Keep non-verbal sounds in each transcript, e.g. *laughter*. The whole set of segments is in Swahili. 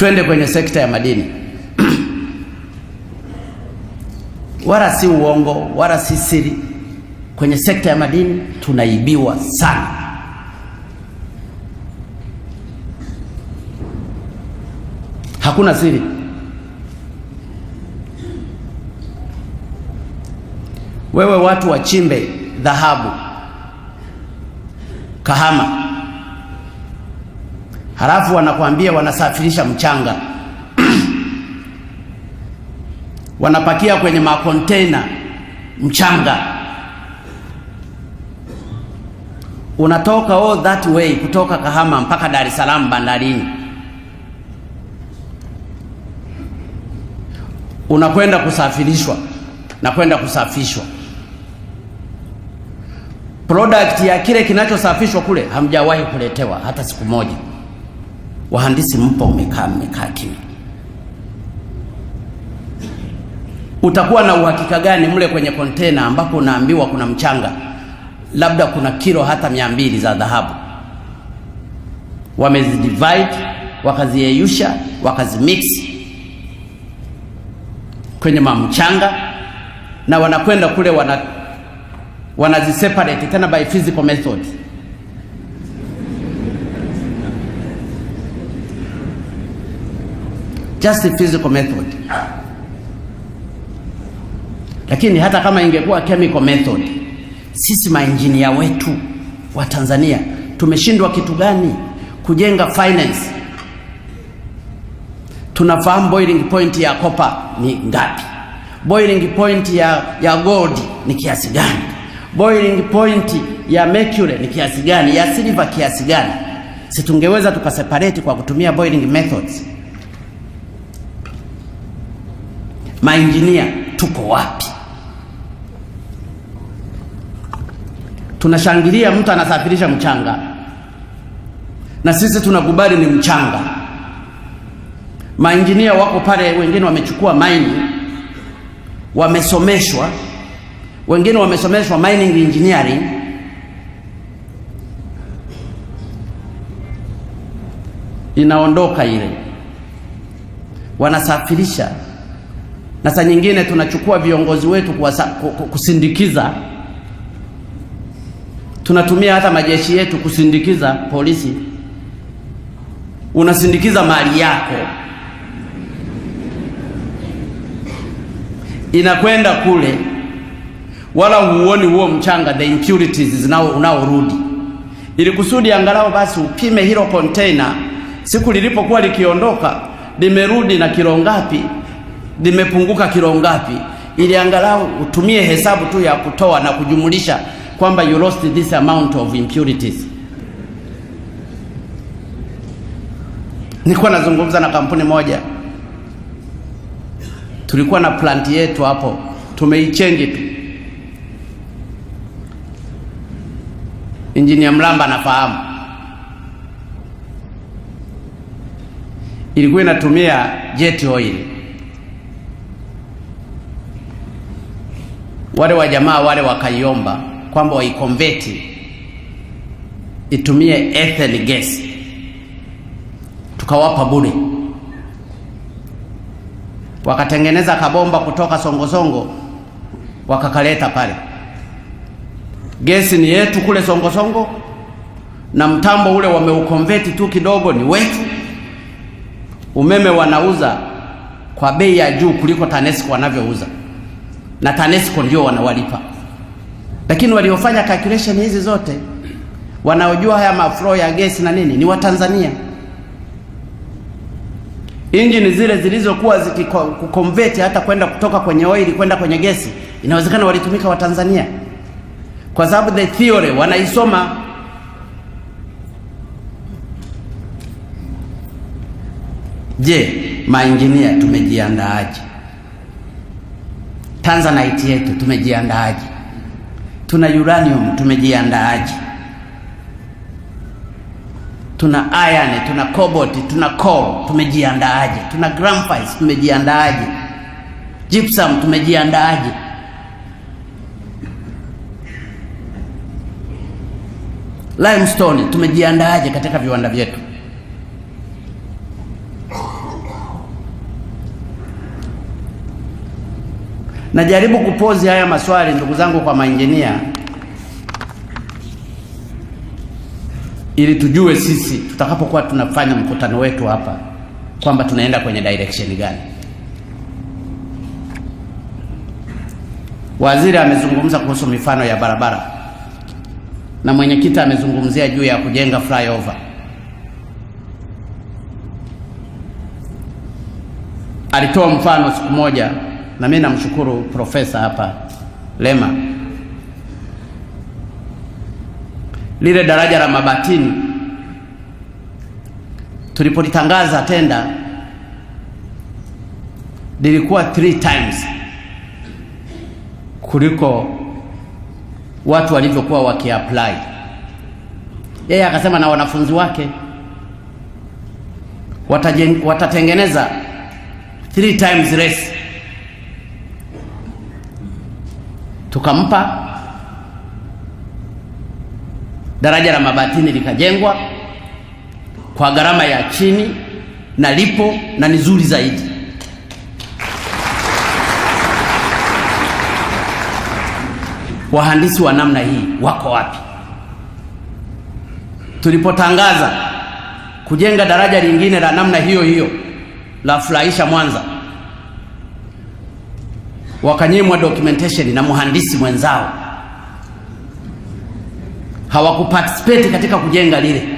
twende kwenye sekta ya madini *clears throat* wala si uongo wala si siri. Kwenye sekta ya madini tunaibiwa sana. Hakuna siri. Wewe watu wachimbe dhahabu Kahama halafu wanakwambia wanasafirisha mchanga *clears throat* wanapakia kwenye makontena mchanga, unatoka all that way kutoka Kahama mpaka Dar es Salaam bandarini, unakwenda kusafirishwa na kwenda kusafishwa. Product ya kile kinachosafishwa kule hamjawahi kuletewa hata siku moja wahandisi mpo mmekaa mmekaa kimya, utakuwa na uhakika gani mle kwenye kontena ambapo unaambiwa kuna mchanga labda kuna kilo hata mia mbili za dhahabu wamezidivide wakaziyeyusha wakazimix kwenye mamchanga na wanakwenda kule wana wanaziseparate tena by physical methods. just a physical method. Lakini hata kama ingekuwa chemical method, sisi maenjinia wetu wa Tanzania tumeshindwa kitu gani? Kujenga finance. Tunafahamu boiling point ya kopa ni ngapi, boiling point ya, ya gold ni kiasi gani, boiling point ya mercury ni kiasi gani, ya silver kiasi gani? Si tungeweza tukaseparate kwa kutumia boiling methods. Mainjinia tuko wapi? Tunashangilia mtu anasafirisha mchanga, na sisi tunakubali ni mchanga. Mainjinia wako pale, wengine wamechukua maini, wamesomeshwa, wengine wamesomeshwa mining engineering. Inaondoka ile, wanasafirisha na saa nyingine tunachukua viongozi wetu kuwasa, kusindikiza, tunatumia hata majeshi yetu kusindikiza polisi. Unasindikiza mali yako inakwenda kule, wala huoni huo mchanga, the impurities zinao unaorudi, ili kusudi angalau basi upime hilo container siku lilipokuwa likiondoka limerudi na kilo ngapi limepunguka kilo ngapi, ili angalau utumie hesabu tu ya kutoa na kujumulisha kwamba you lost this amount of impurities. Nilikuwa nazungumza na kampuni moja, tulikuwa na planti yetu hapo, tumeichenji tu. Injinia Mlamba anafahamu, ilikuwa inatumia jet oil. wale wa jamaa wale wakaiomba kwamba waikonveti itumie ethel gas, tukawapa bure. Wakatengeneza kabomba kutoka Songosongo wakakaleta pale. Gesi ni yetu kule Songosongo, na mtambo ule wameukonveti tu kidogo, ni wetu. Umeme wanauza kwa bei ya juu kuliko TANESCO wanavyouza na TANESCO ndio wanawalipa, lakini waliofanya calculation hizi zote wanaojua haya maflow ya gesi na nini ni Watanzania. Injini zile zilizokuwa zikikonvert hata kwenda kutoka kwenye oili kwenda kwenye gesi, inawezekana walitumika Watanzania kwa sababu the theory wanaisoma. Je, mainjinia tumejiandaaje? Tanzanite yetu tumejiandaaje? Tuna uranium tumejiandaaje? Tuna iron, tuna cobalt, tuna coal tumejiandaaje? Tuna graphite tumejiandaaje? Gypsum tumejiandaaje? Limestone tumejiandaaje katika viwanda vyetu? Najaribu kupozi haya maswali ndugu zangu kwa mainjinia, ili tujue sisi tutakapokuwa tunafanya mkutano wetu hapa kwamba tunaenda kwenye direction gani. Waziri amezungumza kuhusu mifano ya barabara na mwenyekiti amezungumzia juu ya kujenga flyover. Alitoa mfano siku moja na mimi namshukuru profesa hapa Lema. Lile daraja la Mabatini tulipolitangaza tenda lilikuwa three times kuliko watu walivyokuwa wakiapply. Yeye akasema na wanafunzi wake watajen, watatengeneza three times less tukampa daraja la Mabatini likajengwa kwa gharama ya chini na lipo na ni zuri zaidi. Wahandisi wa namna hii wako wapi? Tulipotangaza kujenga daraja lingine la namna hiyo hiyo la furahisha Mwanza, wakanyimwa documentation na mhandisi mwenzao, hawakuparticipate katika kujenga lile.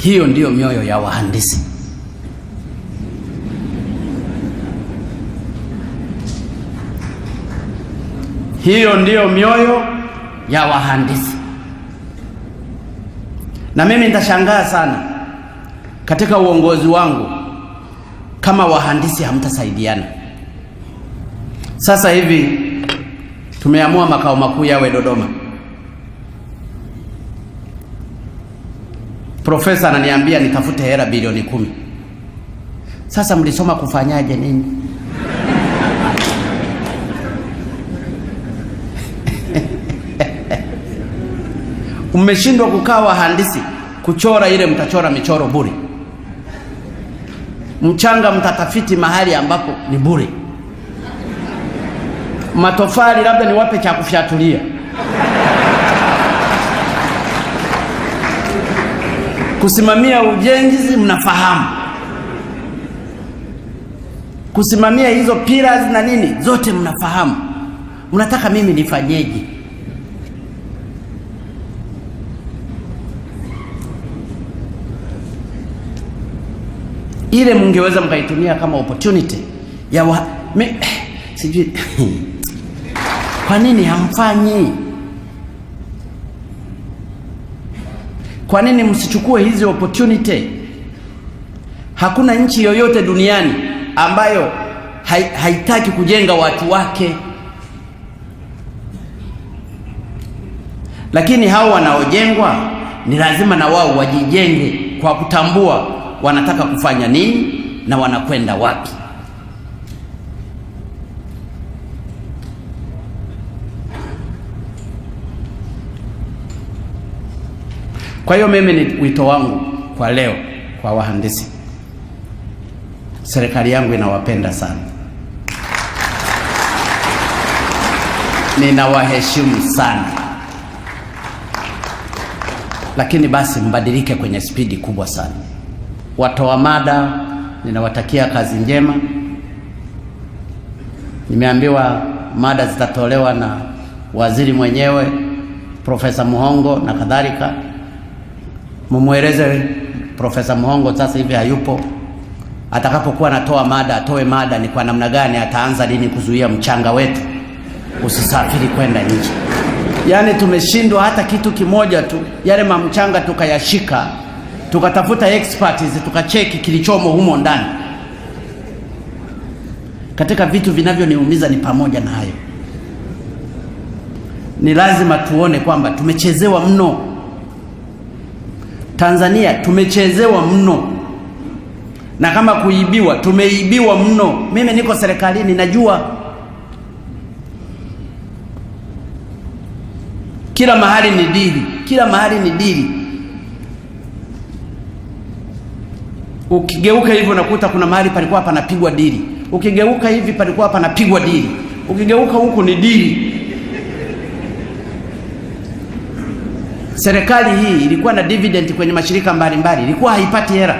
Hiyo ndiyo mioyo ya wahandisi. Hiyo ndiyo mioyo ya wahandisi, na mimi nitashangaa sana katika uongozi wangu kama wahandisi hamtasaidiana. Sasa hivi tumeamua makao makuu yawe Dodoma. Profesa ananiambia nitafute hela bilioni kumi. Sasa mlisoma kufanyaje nini? Mmeshindwa *laughs* kukaa wahandisi kuchora ile, mtachora michoro bure mchanga mtatafiti mahali ambapo ni bure, matofali labda niwape cha kufyatulia. Kusimamia ujenzi mnafahamu, kusimamia hizo pillars na nini zote mnafahamu. Mnataka mimi nifanyeje? ile mngeweza mkaitumia kama opportunity ya wa, me, *sighs* sijui *laughs* kwa nini hamfanyi? Kwa nini msichukue hizi opportunity? Hakuna nchi yoyote duniani ambayo haitaki kujenga watu wake, lakini hao wanaojengwa ni lazima na wao wajijenge kwa kutambua wanataka kufanya nini na wanakwenda wapi. Kwa hiyo mimi ni wito wangu kwa leo kwa wahandisi, serikali yangu inawapenda sana, ninawaheshimu sana, lakini basi mbadilike kwenye spidi kubwa sana watoa mada, ninawatakia kazi njema. Nimeambiwa mada zitatolewa na waziri mwenyewe Profesa Muhongo na kadhalika. Mumweleze Profesa Muhongo sasa hivi hayupo, atakapokuwa anatoa mada atoe mada ni kwa namna gani, ataanza lini kuzuia mchanga wetu usisafiri kwenda nje. Yaani tumeshindwa hata kitu kimoja tu, yale mamchanga tukayashika tukatafuta experts tukacheki kilichomo humo ndani. Katika vitu vinavyoniumiza ni pamoja na hayo. Ni lazima tuone kwamba tumechezewa mno Tanzania, tumechezewa mno, na kama kuibiwa, tumeibiwa mno. Mimi niko serikalini, najua kila mahali ni dili, kila mahali ni dili Ukigeuka hivi unakuta kuna mahali palikuwa panapigwa dili, ukigeuka hivi palikuwa panapigwa dili, ukigeuka huku ni dili. Serikali hii ilikuwa na dividend kwenye mashirika mbalimbali, ilikuwa haipati hela,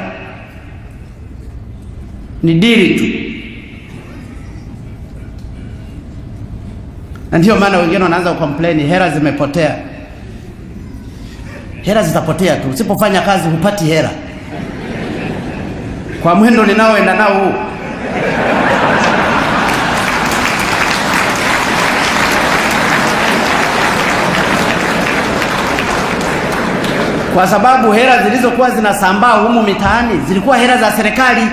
ni dili tu. Na ndiyo maana wengine wanaanza kucomplain hela zimepotea. Hela zitapotea tu, usipofanya kazi hupati hela kwa mwendo ninaoenda nao huu kwa sababu hela zilizokuwa zinasambaa humu mitaani zilikuwa hela za serikali,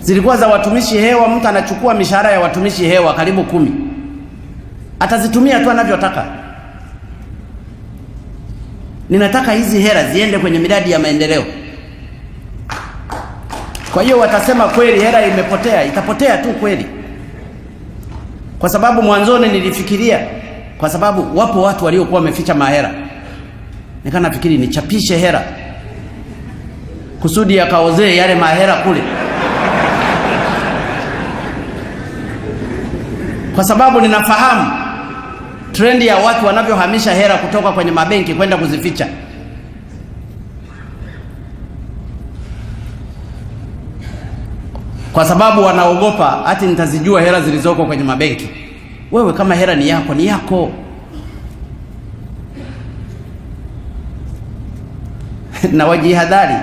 zilikuwa za watumishi hewa. Mtu anachukua mishahara ya watumishi hewa karibu kumi, atazitumia tu anavyotaka ninataka hizi hela ziende kwenye miradi ya maendeleo. Kwa hiyo watasema kweli hela imepotea, itapotea tu kweli, kwa sababu mwanzoni nilifikiria, kwa sababu wapo watu waliokuwa wameficha mahera, nikana nafikiri nichapishe hela kusudi yakaozee yale mahera kule, kwa sababu ninafahamu trendi ya watu wanavyohamisha hela kutoka kwenye mabenki kwenda kuzificha. Kwa sababu wanaogopa ati nitazijua hela zilizoko kwenye mabenki. Wewe kama hela ni yako, ni yako. *laughs* na wajihadhari,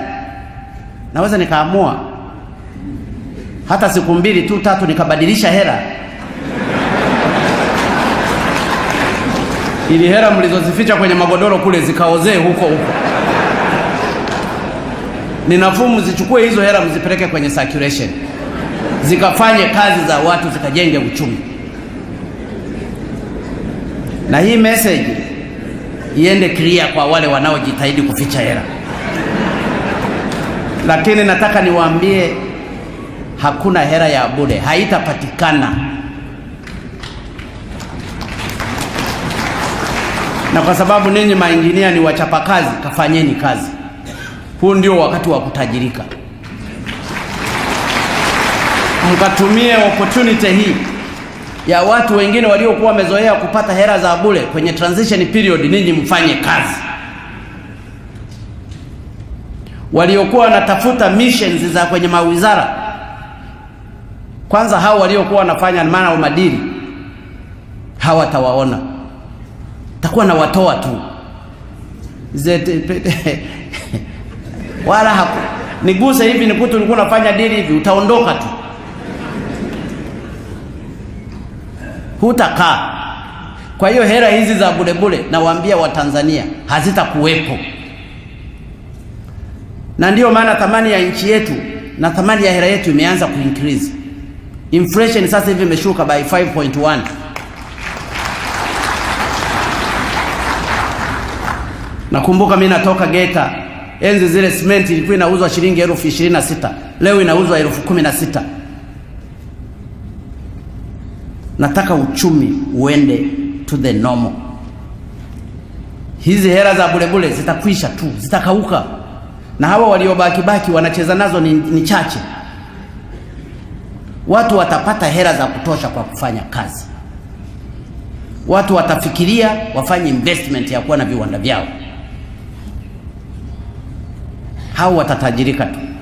naweza nikaamua hata siku mbili tu tatu nikabadilisha hela ili hela mlizozificha kwenye magodoro kule zikaozee huko huko. Ni zichukue hizo hela mzipeleke kwenye circulation, zikafanye kazi za watu, zikajenge uchumi. Na hii message iende clear kwa wale wanaojitahidi kuficha hela, lakini nataka niwaambie hakuna hela ya bure, haitapatikana. na kwa sababu ninyi mainjinia ni wachapakazi, kafanyeni kazi. Huu ndio wakati wa kutajirika, mkatumie opportunity hii ya watu wengine waliokuwa wamezoea kupata hela za bure kwenye transition period, ninyi mfanye kazi. Waliokuwa wanatafuta missions za kwenye mawizara kwanza, hao waliokuwa wanafanya maana umadili hawatawaona takuwa na watoa tu *laughs* wala haku niguse hivi nikuti ulikuwa unafanya dili hivi, utaondoka tu, hutakaa. Kwa hiyo hera hizi za bulebule, nawaambia Watanzania, hazitakuwepo na ndiyo maana thamani ya nchi yetu na thamani ya hera yetu imeanza kuinkrizi Inflation sasa hivi imeshuka by 5.1. Nakumbuka mimi natoka Geita, enzi zile simenti ilikuwa inauzwa shilingi elfu ishirini na sita leo inauzwa elfu kumi na sita Nataka uchumi uende to the normal. Hizi hela za bulebule zitakwisha tu, zitakauka, na hawa waliobakibaki wanacheza nazo ni, ni chache. Watu watapata hela za kutosha kwa kufanya kazi. Watu watafikiria wafanye investment ya kuwa na viwanda vyao hao watatajirika tu.